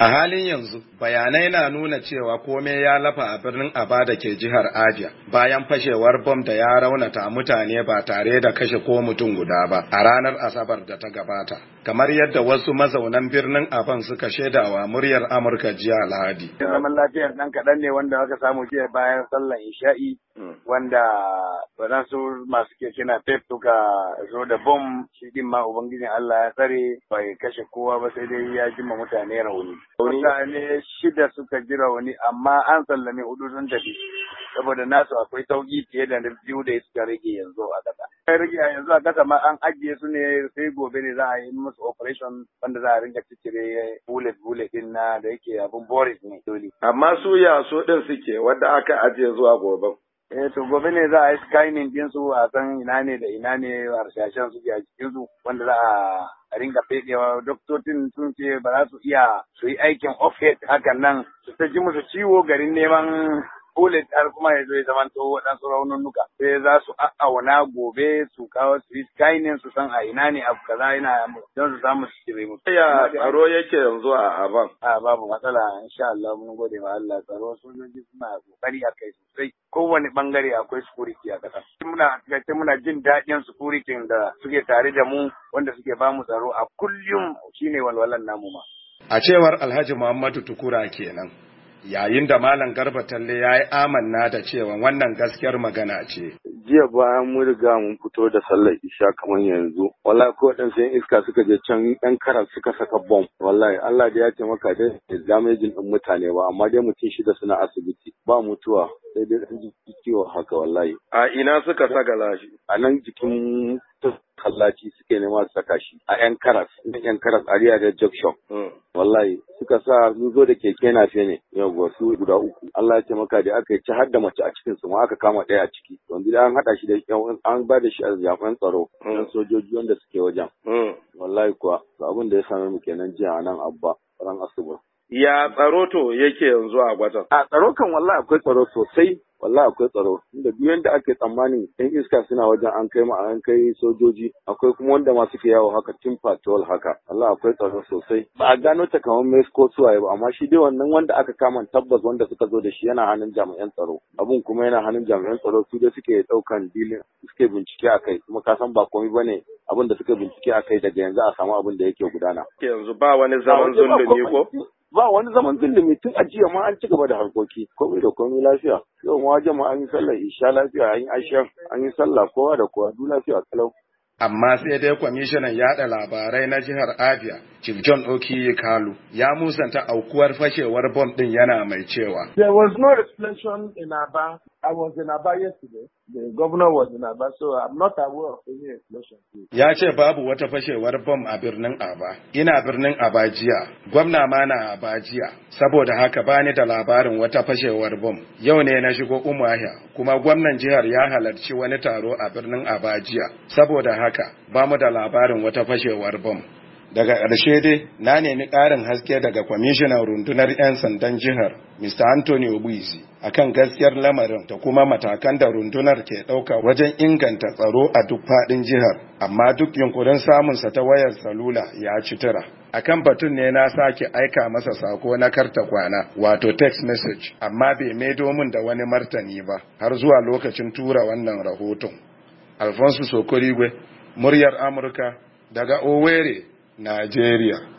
A halin yanzu bayanai na nuna cewa komai ya lafa a birnin abada ke jihar Abia bayan fashewar bom da ya raunata mutane ba tare da kashe ko mutum guda ba a ranar Asabar da ta gabata. Kamar yadda wasu mazaunan birnin Aban suka shaidawa muryar Amurka jiya Lahadi. Zaman lafiyar dan kaɗan ne wanda aka samu jiya bayan sallar isha'i hmm. wanda waɗansu masu ke kina fef suka zo da bom shi ma Ubangijin Allah ya tsare bai kashe kowa ba sai dai ya jima mutane rauni. Mutane shida suka ji rauni amma an sallame hudu sun tafi saboda nasu akwai sauki fiye da biyu da suka rage yanzu a ƙasa. Kai rage a yanzu a ƙasa ma an ajiye su ne sai gobe ne za a yi musu operation wanda za a rinka cire bullet bullet din na da yake abun boris ne Amma su ya so ɗin suke wanda aka ajiye zuwa gobe. Eh to gobe ne za a yi skyning din su a san ina ne da ina ne harshashen su a wanda za a ringa fedewa doktotin sun ce ba za su iya su yi aikin off hakan nan su ta ji musu ciwo garin neman dole har kuma ya zo ya zama to waɗansu raununuka sai za su a'auna gobe su kawo su yi su san a ina ne abu kaza ina don su samu su cire mu. Ya tsaro yake yanzu a Aban? A babu matsala insha Allah mun gode ma Allah tsaro sojoji suna kokari a kai sosai kowane bangare akwai security a ƙasa. Muna gaske muna jin daɗin security da suke tare da mu wanda suke ba mu tsaro a kullum shine walwalan namu ma. A cewar Alhaji Muhammadu Tukura kenan. yayin da Malam Garba Talle ya yi amanna da cewa wannan gaskiyar magana ce. Jiya bayan mun riga mun fito da sallar isha kamar yanzu, wallahi ko waɗansu yan iska suka je can yan karas suka saka bom, wallahi Allah da ya taimaka da damejin ɗin mutane ba, amma dai mutum shida suna asibiti ba mutuwa sai dai ji kiwo haka wallahi. A ina suka saka lashi? A nan jikin kallaci suke nema su saka shi a yan karas, yan karas a da jokshon. Hmm. Wallahi suka sa sun zo da keke na ne yawwa su guda uku Allah ya taimaka da aka ci har da mace a cikin su ma aka kama ɗaya a ciki wanda an haɗa shi da an ba da shi a jami'an tsaro yan hmm. sojoji wanda suke wajen hmm. wallahi kuwa abin da ya same mu kenan jiya a nan abba ran asubar. ya tsaro to yake yanzu a gwatan? A tsaro kan wala akwai tsaro sosai wallahi akwai tsaro inda duk yanda ake tsammani yan iska suna wajen an kai ma an kai sojoji akwai kuma wanda ma suke yawo haka tin patrol haka wallahi akwai tsaro sosai ba a gano ta kamar mai ko suwa ba amma shi dai wannan wanda aka kama tabbas wanda suka zo da shi yana hannun jami'an tsaro abun kuma yana hannun jami'an tsaro su dai suke ɗaukan dilin suke bincike a kai, kuma ka san ba komai ne abin da suke bincike a kai daga yanzu a samu abin da yake gudana yanzu ba wani zaman zulumi ko ba wani zaman zulumi tun a jiya ma an ci gaba da harkoki komai da komai lafiya yau ma jama'a an yi sallah, isha lafiya an yi ashiyar an yi sallah kowa da kowa du lafiya kalau amma sai dai kwamishinan yada labarai na jihar abia chief john okiyi kalu ya musanta aukuwar fashewar bom din yana mai cewa there was no explanation in aba I was in Aba yesterday. The governor was in Aba, so I'm not aware of any explosion. Ya ce babu wata fashewar bom a birnin Aba. Ina birnin Aba jiya. Gwamna ma na Aba jiya. Saboda haka bani da labarin wata fashewar bom. Yau ne na shigo Umuahia, kuma gwamnan jihar ya halarci wani taro a birnin Aba jiya. Saboda haka bamu da labarin wata fashewar bom. daga ƙarshe dai na nemi ƙarin haske daga kwamishinan rundunar 'yan sandan jihar mr anthony obuisi akan gaskiyar lamarin da kuma matakan da rundunar ke ɗauka wajen inganta tsaro a duk faɗin jihar amma duk yunkurin samunsa ta wayar salula ya ci tura akan batun ne na sake aika masa sako na karta kwana wato text message amma bai mai domin da wani martani ba har zuwa lokacin tura wannan rahoton alfonso sokorigwe muryar amurka daga owerri Najeriya